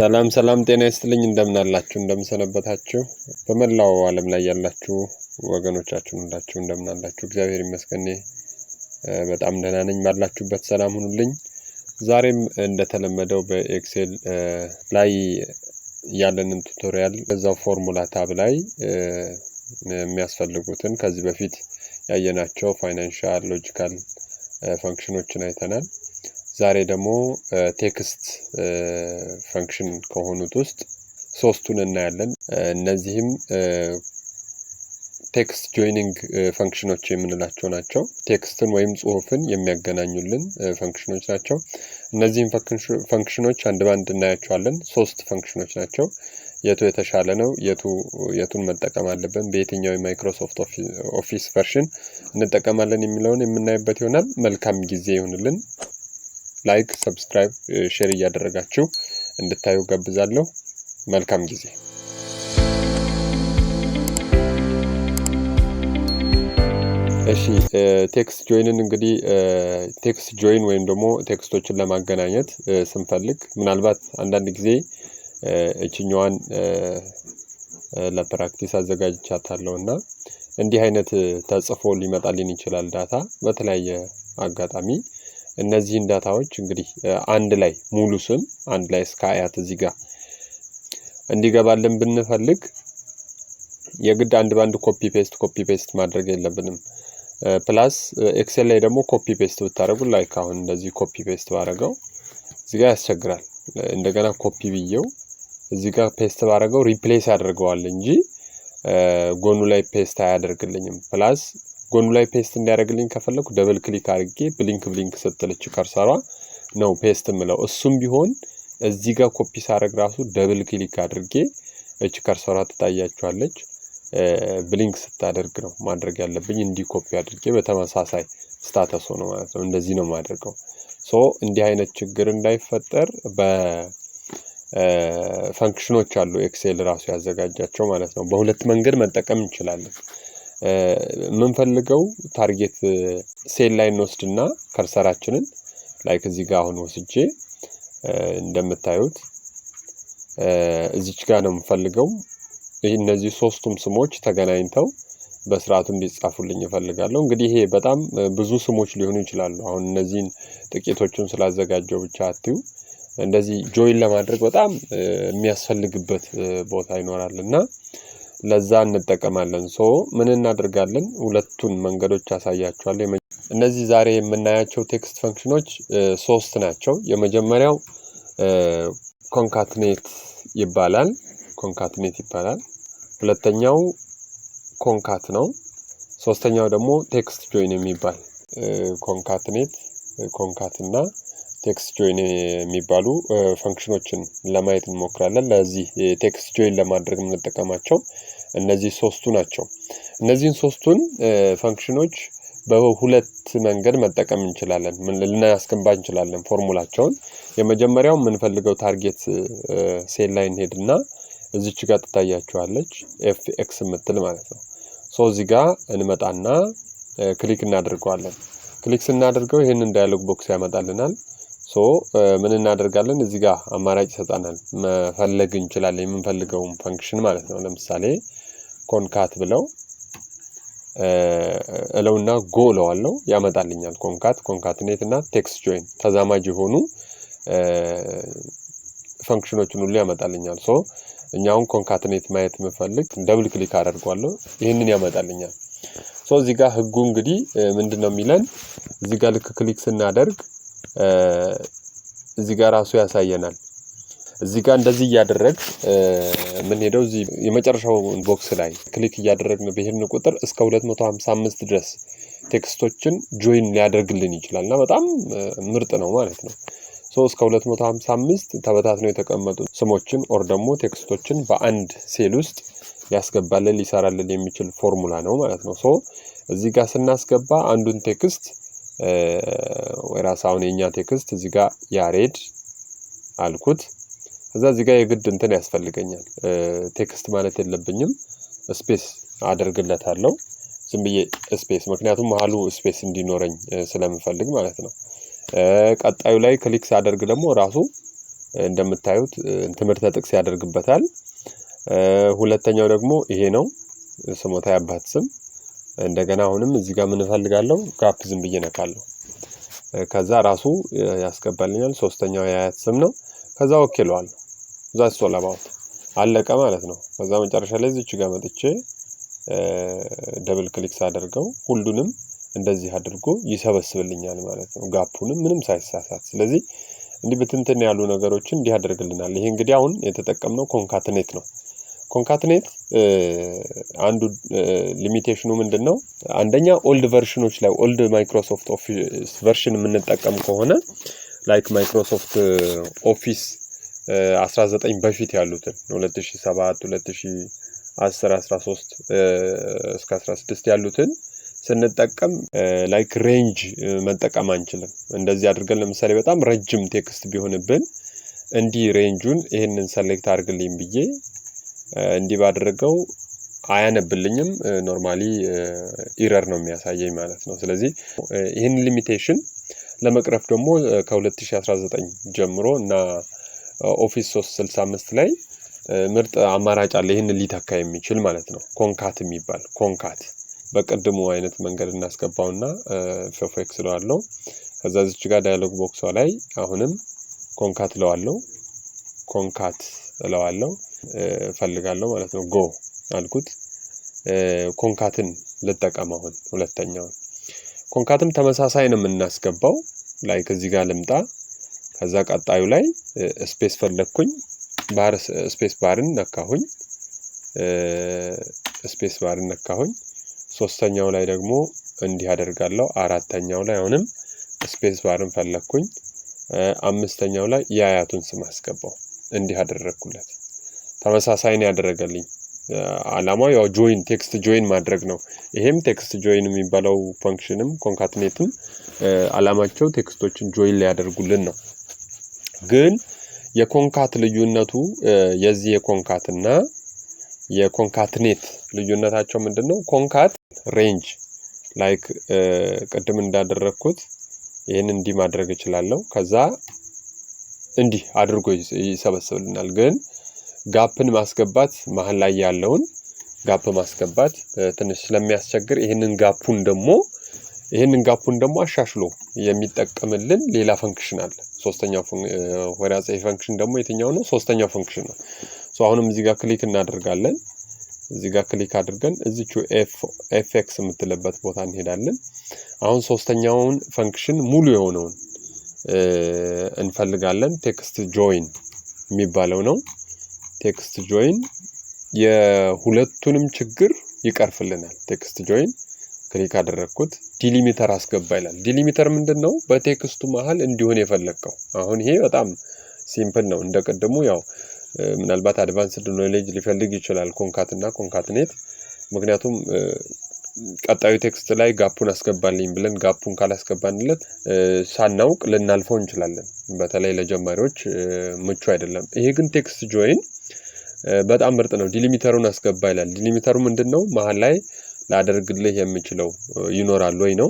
ሰላም ሰላም፣ ጤና ይስጥልኝ። እንደምናላችሁ፣ እንደምሰነበታችሁ በመላው ዓለም ላይ ያላችሁ ወገኖቻችን ሁላችሁ እንደምናላችሁ። እግዚአብሔር ይመስገን በጣም ደህና ነኝ። ባላችሁበት ሰላም ሁኑልኝ። ዛሬም እንደተለመደው በኤክሴል ላይ ያለንን ቱቶሪያል በዛው ፎርሙላ ታብ ላይ የሚያስፈልጉትን ከዚህ በፊት ያየናቸው ፋይናንሻል ሎጂካል ፈንክሽኖችን አይተናል። ዛሬ ደግሞ ቴክስት ፈንክሽን ከሆኑት ውስጥ ሶስቱን እናያለን። እነዚህም ቴክስት ጆይኒንግ ፈንክሽኖች የምንላቸው ናቸው። ቴክስትን ወይም ጽሁፍን የሚያገናኙልን ፈንክሽኖች ናቸው። እነዚህም ፈንክሽኖች አንድ ባንድ እናያቸዋለን። ሶስት ፈንክሽኖች ናቸው። የቱ የተሻለ ነው፣ የቱን መጠቀም አለብን፣ በየትኛው የማይክሮሶፍት ኦፊስ ቨርሽን እንጠቀማለን የሚለውን የምናይበት ይሆናል። መልካም ጊዜ ይሁንልን። ላይክ፣ ሰብስክራይብ፣ ሼር እያደረጋችሁ እንድታዩ ጋብዛለሁ። መልካም ጊዜ እሺ ቴክስት ጆይንን እንግዲህ ቴክስት ጆይን ወይም ደግሞ ቴክስቶችን ለማገናኘት ስንፈልግ ምናልባት አንዳንድ ጊዜ እችኛዋን ለፕራክቲስ አዘጋጅቻታለሁ እና እንዲህ አይነት ተጽፎ ሊመጣልን ይችላል ዳታ በተለያየ አጋጣሚ እነዚህን ዳታዎች እንግዲህ አንድ ላይ ሙሉ ስም አንድ ላይ እስከ አያት እዚህ ጋር እንዲገባልን ብንፈልግ የግድ አንድ በአንድ ኮፒ ፔስት ኮፒ ፔስት ማድረግ የለብንም። ፕላስ ኤክሴል ላይ ደግሞ ኮፒ ፔስት ብታደረጉ ላይክ አሁን እንደዚህ ኮፒ ፔስት ባረገው እዚህ ጋር ያስቸግራል። እንደገና ኮፒ ብዬው እዚህ ጋር ፔስት ባረገው ሪፕሌስ ያደርገዋል እንጂ ጎኑ ላይ ፔስት አያደርግልኝም ፕላስ ጎኑ ላይ ፔስት እንዲያደርግልኝ ከፈለኩ ደብል ክሊክ አድርጌ ብሊንክ ብሊንክ ስትለች ከርሰሯ ነው ፔስት ምለው። እሱም ቢሆን እዚህ ጋር ኮፒ ሳረግ ራሱ ደብል ክሊክ አድርጌ እች ከርሰሯ ትታያችኋለች። ብሊንክ ስታደርግ ነው ማድረግ ያለብኝ። እንዲህ ኮፒ አድርጌ በተመሳሳይ ስታተስ ነው ማለት ነው። እንደዚህ ነው ማድርገው። ሶ እንዲህ አይነት ችግር እንዳይፈጠር በፈንክሽኖች አሉ ኤክሴል ራሱ ያዘጋጃቸው ማለት ነው። በሁለት መንገድ መጠቀም እንችላለን። የምንፈልገው ታርጌት ሴል ላይ እንወስድና ከርሰራችንን ላይክ እዚህ ጋር አሁን ወስጄ እንደምታዩት እዚች ጋር ነው የምፈልገው። እነዚህ ሶስቱም ስሞች ተገናኝተው በስርዓቱ እንዲጻፉልኝ እፈልጋለሁ። እንግዲህ ይሄ በጣም ብዙ ስሞች ሊሆኑ ይችላሉ። አሁን እነዚህን ጥቂቶቹን ስላዘጋጀው ብቻ አትዩ። እንደዚህ ጆይን ለማድረግ በጣም የሚያስፈልግበት ቦታ ይኖራል እና ለዛ እንጠቀማለን። ሶ ምን እናደርጋለን? ሁለቱን መንገዶች ያሳያቸዋል። እነዚህ ዛሬ የምናያቸው ቴክስት ፈንክሽኖች ሶስት ናቸው። የመጀመሪያው ኮንካትኔት ይባላል። ኮንካትኔት ይባላል። ሁለተኛው ኮንካት ነው። ሶስተኛው ደግሞ ቴክስት ጆይን የሚባል ኮንካትኔት ኮንካት እና ቴክስት ጆይን የሚባሉ ፈንክሽኖችን ለማየት እንሞክራለን። ለዚህ ቴክስት ጆይን ለማድረግ የምንጠቀማቸው እነዚህ ሶስቱ ናቸው። እነዚህን ሶስቱን ፈንክሽኖች በሁለት መንገድ መጠቀም እንችላለን፣ ልናስገባ እንችላለን ፎርሙላቸውን። የመጀመሪያው የምንፈልገው ታርጌት ሴል ላይ እንሄድና እዚች ጋር ትታያችኋለች ኤፍ ኤክስ የምትል ማለት ነው። ሶ እዚህ ጋር እንመጣና ክሊክ እናደርገዋለን። ክሊክ ስናደርገው ይህንን ዳያሎግ ቦክስ ያመጣልናል። ሶ ምን እናደርጋለን እዚህ ጋር አማራጭ ይሰጣናል። መፈለግ እንችላለን የምንፈልገውን ፈንክሽን ማለት ነው። ለምሳሌ ኮንካት ብለው እለውና ጎ እለዋለው ያመጣልኛል። ኮንካት ኮንካትኔት እና ቴክስት ጆይን ተዛማጅ የሆኑ ፈንክሽኖችን ሁሉ ያመጣልኛል። ሶ እኛውን ኮንካትኔት ማየት የምፈልግ ደብል ክሊክ አደርጓለሁ ይህንን ያመጣልኛል። ሶ እዚህ ጋር ህጉ እንግዲህ ምንድን ነው የሚለን እዚህ ጋር ልክ ክሊክ ስናደርግ እዚህ ጋር ራሱ ያሳየናል። እዚህ ጋር እንደዚህ እያደረግ የምንሄደው እዚህ የመጨረሻው ቦክስ ላይ ክሊክ እያደረግ ብሄድን ቁጥር እስከ 255 ድረስ ቴክስቶችን ጆይን ሊያደርግልን ይችላል እና በጣም ምርጥ ነው ማለት ነው። ሶ እስከ 255 ተበታትነው የተቀመጡ ስሞችን ኦር ደግሞ ቴክስቶችን በአንድ ሴል ውስጥ ሊያስገባልን ሊሰራልን የሚችል ፎርሙላ ነው ማለት ነው። ሶ እዚህ ጋር ስናስገባ አንዱን ቴክስት የራስ አሁን የእኛ ቴክስት እዚህ ጋር ያሬድ አልኩት። ከዛ እዚህ ጋር የግድ እንትን ያስፈልገኛል ቴክስት ማለት የለብኝም ስፔስ አደርግለታለሁ ዝም ብዬ ስፔስ፣ ምክንያቱም መሀሉ ስፔስ እንዲኖረኝ ስለምፈልግ ማለት ነው። ቀጣዩ ላይ ክሊክ ሲያደርግ ደግሞ ራሱ እንደምታዩት ትምህርተ ጥቅስ ያደርግበታል። ሁለተኛው ደግሞ ይሄ ነው፣ ስሞታ የአባት ስም እንደገና አሁንም እዚህ ጋር ምን እፈልጋለሁ ጋፕ ዝም ብዬ ነካለሁ። ከዛ ራሱ ያስገባልኛል ሶስተኛው የአያት ስም ነው። ከዛ ኦኬ እለዋለሁ። ዛትስ ኦል አባውት አለቀ ማለት ነው። ከዛ መጨረሻ ላይ እዚች ጋር መጥቼ ደብል ክሊክ ሳደርገው ሁሉንም እንደዚህ አድርጎ ይሰበስብልኛል ማለት ነው። ጋፑንም ምንም ሳይሳሳት ስለዚህ እንዲህ ብትንትን ያሉ ነገሮችን እንዲህ ያደርግልናል። ይሄ እንግዲህ አሁን የተጠቀምነው ኮንካትኔት ነው ኮንካትኔት አንዱ ሊሚቴሽኑ ምንድን ነው? አንደኛ ኦልድ ቨርሽኖች ላይ ኦልድ ማይክሮሶፍት ኦፊስ ቨርሽን የምንጠቀም ከሆነ ላይክ ማይክሮሶፍት ኦፊስ 19 በፊት ያሉትን 2007፣ 2010፣ 13 እስከ 16 ያሉትን ስንጠቀም ላይክ ሬንጅ መጠቀም አንችልም። እንደዚህ አድርገን ለምሳሌ በጣም ረጅም ቴክስት ቢሆንብን እንዲህ ሬንጁን ይህንን ሰሌክት አድርግልኝ ብዬ እንዲህ ባደረገው አያነብልኝም ኖርማሊ ኢረር ነው የሚያሳየኝ ማለት ነው። ስለዚህ ይህን ሊሚቴሽን ለመቅረፍ ደግሞ ከ2019 ጀምሮ እና ኦፊስ 365 ላይ ምርጥ አማራጭ አለ ይህን ሊተካ የሚችል ማለት ነው። ኮንካት የሚባል ኮንካት በቅድሙ አይነት መንገድ እናስገባውና ፌፌክ ስለዋለው ከዛ ዝች ጋር ዳያሎግ ቦክሷ ላይ አሁንም ኮንካት እለዋለው ኮንካት እለዋለው ፈልጋለሁ ማለት ነው። ጎ አልኩት ኮንካትን ልጠቀም አሁን ሁለተኛውን ኮንካትም ተመሳሳይ ነው የምናስገባው ላይ ከዚህ ጋር ልምጣ ከዛ ቀጣዩ ላይ ስፔስ ፈለግኩኝ ስፔስ ባርን ነካሁኝ ስፔስ ባርን ነካሁኝ ሶስተኛው ላይ ደግሞ እንዲህ አደርጋለሁ አራተኛው ላይ አሁንም ስፔስ ባርን ፈለግኩኝ አምስተኛው ላይ የአያቱን ስም አስገባው እንዲህ አደረግኩለት ተመሳሳይን ያደረገልኝ አላማው ያው ጆይን ቴክስት ጆይን ማድረግ ነው። ይሄም ቴክስት ጆይን የሚባለው ፈንክሽንም ኮንካትኔትም አላማቸው ቴክስቶችን ጆይን ሊያደርጉልን ነው። ግን የኮንካት ልዩነቱ የዚህ የኮንካት እና የኮንካትኔት ልዩነታቸው ምንድን ነው? ኮንካት ሬንጅ ላይክ ቅድም እንዳደረግኩት ይህን እንዲህ ማድረግ እችላለሁ። ከዛ እንዲህ አድርጎ ይሰበስብልናል ግን ጋፕን ማስገባት መሀል ላይ ያለውን ጋፕ ማስገባት ትንሽ ስለሚያስቸግር ይህንን ጋፑን ደግሞ ይህንን ጋፑን ደግሞ አሻሽሎ የሚጠቀምልን ሌላ ፈንክሽን አለ። ሶስተኛው ወራጻዊ ፈንክሽን ደግሞ የትኛው ነው? ሶስተኛው ፈንክሽን ነው። አሁንም እዚህ ጋር ክሊክ እናደርጋለን። እዚህ ጋር ክሊክ አድርገን እዚቹ ኤፌክስ የምትልበት የምትለበት ቦታ እንሄዳለን። አሁን ሶስተኛውን ፈንክሽን ሙሉ የሆነውን እንፈልጋለን። ቴክስት ጆይን የሚባለው ነው። ቴክስት ጆይን የሁለቱንም ችግር ይቀርፍልናል። ቴክስት ጆይን ክሊክ አደረግኩት። ዲሊሚተር አስገባ ይላል። ዲሊሚተር ምንድን ነው? በቴክስቱ መሀል እንዲሆን የፈለግከው። አሁን ይሄ በጣም ሲምፕል ነው። እንደ ቅድሙ ያው ምናልባት አድቫንስድ ኖሌጅ ሊፈልግ ይችላል ኮንካት እና ኮንካትኔት። ምክንያቱም ቀጣዩ ቴክስት ላይ ጋፑን አስገባልኝ ብለን ጋፑን ካላስገባንለት ሳናውቅ ልናልፈው እንችላለን። በተለይ ለጀማሪዎች ምቹ አይደለም። ይሄ ግን ቴክስት ጆይን በጣም ምርጥ ነው። ዲሊሚተሩን አስገባ ይላል። ዲሊሚተሩ ነው? መሀል ላይ ላደርግልህ የምችለው ይኖራል ወይ ነው?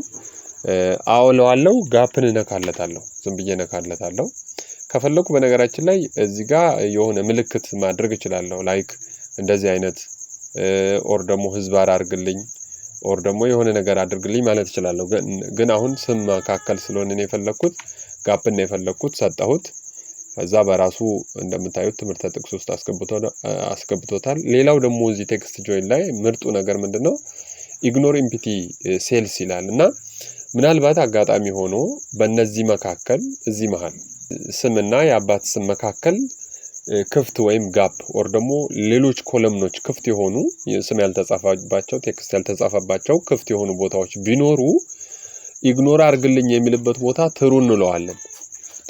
አውለዋለው ጋፕን እነካለታለሁ። ዝም ብዬ እነካለታለሁ። ከፈለኩ በነገራችን ላይ እዚህ ጋር የሆነ ምልክት ማድረግ እችላለሁ። ላይክ እንደዚህ አይነት ኦር ደግሞ ህዝባር አድርግልኝ ኦር ደግሞ የሆነ ነገር አድርግልኝ ማለት እችላለሁ። ግን አሁን ስም መካከል ስለሆነ የፈለግኩት የፈለኩት ጋፕን ነው ሰጠሁት ከዛ በራሱ እንደምታዩት ትምህርተ ጥቅስ ውስጥ አስገብቶታል። ሌላው ደግሞ እዚህ ቴክስት ጆይን ላይ ምርጡ ነገር ምንድን ነው? ኢግኖር ኢምፒቲ ሴልስ ይላል እና ምናልባት አጋጣሚ ሆኖ በእነዚህ መካከል እዚህ መሀል ስምና የአባት ስም መካከል ክፍት ወይም ጋፕ ኦር ደግሞ ሌሎች ኮለምኖች ክፍት የሆኑ ስም ያልተጻፈባቸው ቴክስት ያልተጻፈባቸው ክፍት የሆኑ ቦታዎች ቢኖሩ ኢግኖር አድርግልኝ የሚልበት ቦታ ትሩ እንለዋለን።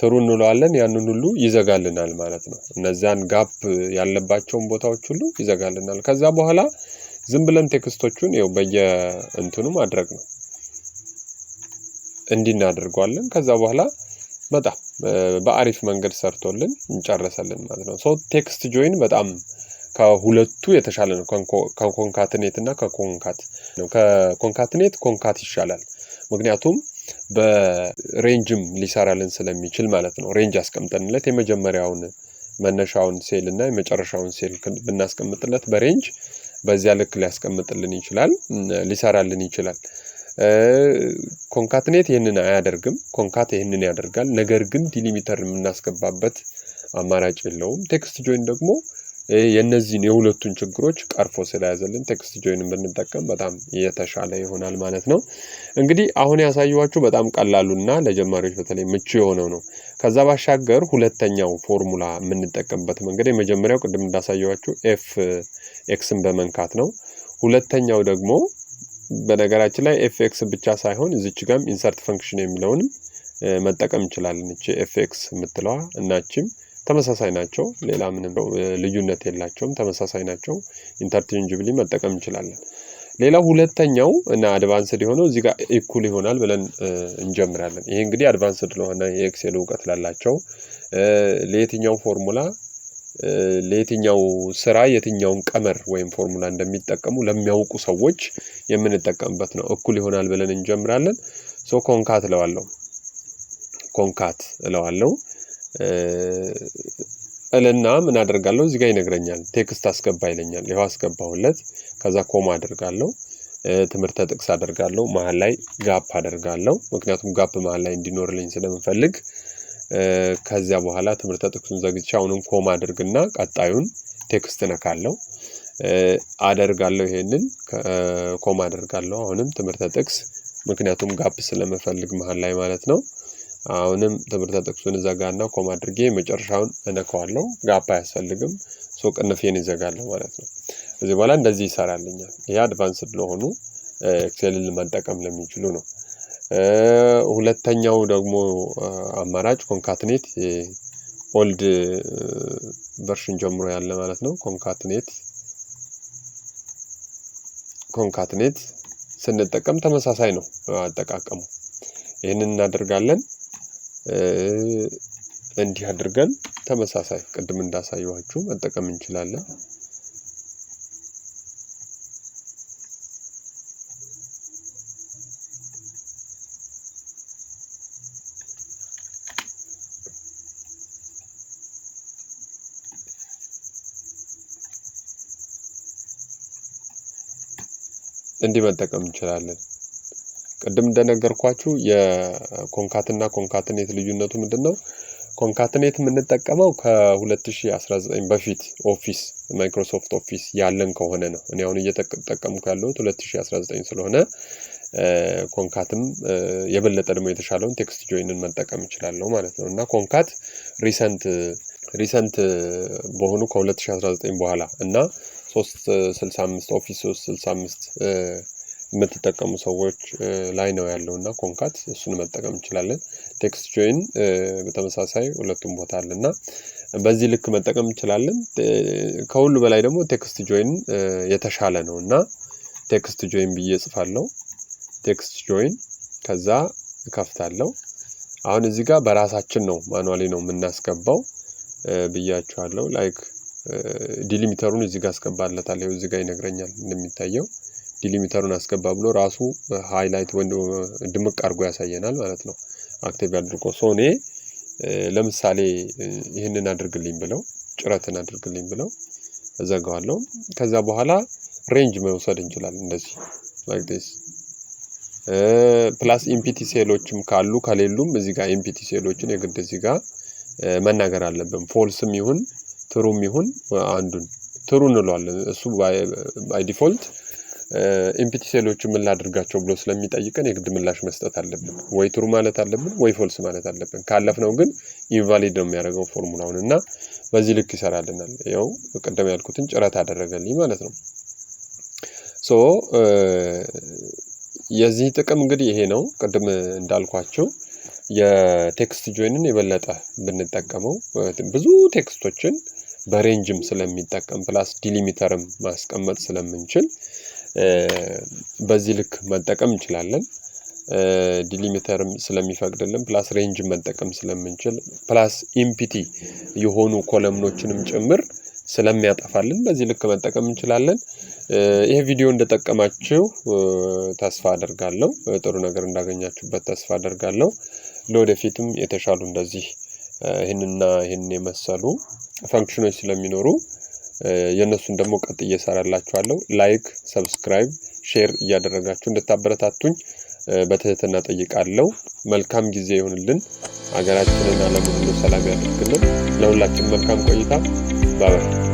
ትሩ እንለዋለን ያንን ሁሉ ይዘጋልናል ማለት ነው። እነዛን ጋፕ ያለባቸውን ቦታዎች ሁሉ ይዘጋልናል። ከዛ በኋላ ዝም ብለን ቴክስቶቹን ው በየእንትኑ ማድረግ ነው እንዲህ እናደርገዋለን። ከዛ በኋላ በጣም በአሪፍ መንገድ ሰርቶልን እንጨረሰልን ማለት ነው። ሰው ቴክስት ጆይን በጣም ከሁለቱ የተሻለ ነው። ከኮንካትኔት እና ከኮንካት ነው። ከኮንካትኔት ኮንካት ይሻላል ምክንያቱም በሬንጅም ሊሰራልን ስለሚችል ማለት ነው። ሬንጅ አስቀምጠንለት የመጀመሪያውን መነሻውን ሴል እና የመጨረሻውን ሴል ብናስቀምጥለት በሬንጅ በዚያ ልክ ሊያስቀምጥልን ይችላል፣ ሊሰራልን ይችላል። ኮንካትኔት ይህንን አያደርግም። ኮንካት ይህንን ያደርጋል። ነገር ግን ዲሊሚተር የምናስገባበት አማራጭ የለውም። ቴክስት ጆይን ደግሞ የእነዚህን የሁለቱን ችግሮች ቀርፎ ስለያዘልን ቴክስት ጆይንን ብንጠቀም በጣም የተሻለ ይሆናል ማለት ነው። እንግዲህ አሁን ያሳየኋችሁ በጣም ቀላሉና ለጀማሪዎች በተለይ ምቹ የሆነው ነው። ከዛ ባሻገር ሁለተኛው ፎርሙላ የምንጠቀምበት መንገድ የመጀመሪያው ቅድም እንዳሳየኋችሁ ኤፍ ኤክስን በመንካት ነው። ሁለተኛው ደግሞ በነገራችን ላይ ኤፍ ኤክስ ብቻ ሳይሆን እዚች ጋም ኢንሰርት ፈንክሽን የሚለውንም መጠቀም እንችላለን። እቺ ኤፍ ኤክስ የምትለዋ እናችም ተመሳሳይ ናቸው። ሌላ ምንም ልዩነት የላቸውም። ተመሳሳይ ናቸው። ኢንተርቼንጅብሊ መጠቀም እንችላለን። ሌላው ሁለተኛው እና አድቫንስድ የሆነው እዚህ ጋር ኢኩል ይሆናል ብለን እንጀምራለን። ይሄ እንግዲህ አድቫንስድ ለሆነ የኤክሴል እውቀት ላላቸው ለየትኛው ፎርሙላ ለየትኛው ስራ የትኛውን ቀመር ወይም ፎርሙላ እንደሚጠቀሙ ለሚያውቁ ሰዎች የምንጠቀምበት ነው። እኩል ይሆናል ብለን እንጀምራለን። ሶ ኮንካት እለዋለሁ። ኮንካት እለዋለሁ። እልና ምን አደርጋለሁ እዚህ ጋር ይነግረኛል። ቴክስት አስገባ ይለኛል። ይኸው አስገባሁለት። ከዛ ኮማ አደርጋለሁ። ትምህርተ ጥቅስ አደርጋለሁ። መሀል ላይ ጋፕ አደርጋለሁ። ምክንያቱም ጋፕ መሀል ላይ እንዲኖርልኝ ስለምፈልግ ከዚያ በኋላ ትምህርተ ጥቅሱን ዘግቼ አሁንም ኮማ አድርግና ቀጣዩን ቴክስት ነካለው አደርጋለሁ። ይሄንን ኮማ አደርጋለሁ። አሁንም ትምህርተ ጥቅስ ምክንያቱም ጋፕ ስለምፈልግ መሀል ላይ ማለት ነው። አሁንም ትምህርተ ጥቅሱን እዘጋና ኮማ አድርጌ መጨረሻውን እነካዋለሁ። ጋፕ አያስፈልግም። ሶ ቅንፌን ይዘጋለሁ ማለት ነው። እዚህ በኋላ እንደዚህ ይሰራልኛል። ይሄ አድቫንስድ ለሆኑ ኤክሴልን መጠቀም ለሚችሉ ነው። ሁለተኛው ደግሞ አማራጭ ኮንካትኔት ኦልድ ቨርሽን ጀምሮ ያለ ማለት ነው። ኮንካትኔት ኮንካትኔት ስንጠቀም ተመሳሳይ ነው አጠቃቀሙ። ይህንን እናደርጋለን። እንዲህ አድርገን ተመሳሳይ ቅድም እንዳሳየኋችሁ መጠቀም እንችላለን። እንዲህ መጠቀም እንችላለን ቅድም እንደነገርኳችሁ የኮንካትና ኮንካትኔት ልዩነቱ ምንድን ነው? ኮንካትኔት የምንጠቀመው ከ2019 በፊት ኦፊስ ማይክሮሶፍት ኦፊስ ያለን ከሆነ ነው። እኔ አሁን እየተጠቀምኩ ያለሁት 2019 ስለሆነ ኮንካትም የበለጠ ደግሞ የተሻለውን ቴክስት ጆይንን መጠቀም እችላለሁ ማለት ነው እና ኮንካት ሪሰንት ሪሰንት በሆኑ ከ2019 በኋላ እና 365 ኦፊስ 365 የምትጠቀሙ ሰዎች ላይ ነው ያለው እና ኮንካት እሱን መጠቀም እንችላለን። ቴክስት ጆይን በተመሳሳይ ሁለቱም ቦታ አለ እና በዚህ ልክ መጠቀም እንችላለን። ከሁሉ በላይ ደግሞ ቴክስት ጆይን የተሻለ ነው እና ቴክስት ጆይን ብዬ እጽፋለሁ። ቴክስት ጆይን ከዛ እከፍታለሁ። አሁን እዚህ ጋር በራሳችን ነው ማኑዋሊ ነው የምናስገባው ብያችኋለሁ። ላይክ ዲሊሚተሩን እዚህ ጋር አስገባለታለሁ። እዚህ ጋር ይነግረኛል እንደሚታየው ዲሊሚተሩን አስገባ ብሎ ራሱ ሃይላይት ወይም ድምቅ አድርጎ ያሳየናል ማለት ነው። አክቲቭ አድርጎ ሶኔ ለምሳሌ ይህንን አድርግልኝ ብለው ጭረትን አድርግልኝ ብለው እዘጋዋለሁ። ከዛ በኋላ ሬንጅ መውሰድ እንችላለን። እንደዚህ ላይክ ዲስ ፕላስ ኢምፒቲ ሴሎችም ካሉ ከሌሉም እዚህ ጋር ኢምፒቲ ሴሎችን የግድ እዚህ ጋር መናገር አለብን። ፎልስም ይሁን ትሩም ይሁን አንዱን ትሩ እንለዋለን። እሱ ባይ ዲፎልት ኤምፒቲ ሴሎቹ ምን ላድርጋቸው ብሎ ስለሚጠይቀን የግድ ምላሽ መስጠት አለብን። ወይ ትሩ ማለት አለብን፣ ወይ ፎልስ ማለት አለብን። ካለፍነው ግን ኢንቫሊድ ነው የሚያደርገው ፎርሙላውን እና በዚህ ልክ ይሰራልናል። ያው ቅድም ያልኩትን ጭረት አደረገልኝ ማለት ነው። ሶ የዚህ ጥቅም እንግዲህ ይሄ ነው። ቅድም እንዳልኳቸው የቴክስት ጆይንን የበለጠ ብንጠቀመው ብዙ ቴክስቶችን በሬንጅም ስለሚጠቀም ፕላስ ዲሊሚተርም ማስቀመጥ ስለምንችል በዚህ ልክ መጠቀም እንችላለን። ዲሊሚተርም ስለሚፈቅድልን ፕላስ ሬንጅ መጠቀም ስለምንችል ፕላስ ኢምፒቲ የሆኑ ኮለምኖችንም ጭምር ስለሚያጠፋልን በዚህ ልክ መጠቀም እንችላለን። ይሄ ቪዲዮ እንደጠቀማችሁ ተስፋ አደርጋለሁ። ጥሩ ነገር እንዳገኛችሁበት ተስፋ አደርጋለሁ። ለወደፊትም የተሻሉ እንደዚህ ይህንና ይህን የመሰሉ ፈንክሽኖች ስለሚኖሩ የእነሱን ደግሞ ቀጥ እሰራላችኋለሁ። ላይክ፣ ሰብስክራይብ፣ ሼር እያደረጋችሁ እንድታበረታቱኝ በትህትና ጠይቃለሁ። መልካም ጊዜ ይሁንልን። ሀገራችንን፣ ዓለም ሁሉ ሰላም ያደርግልን። ለሁላችን መልካም ቆይታ። ባበር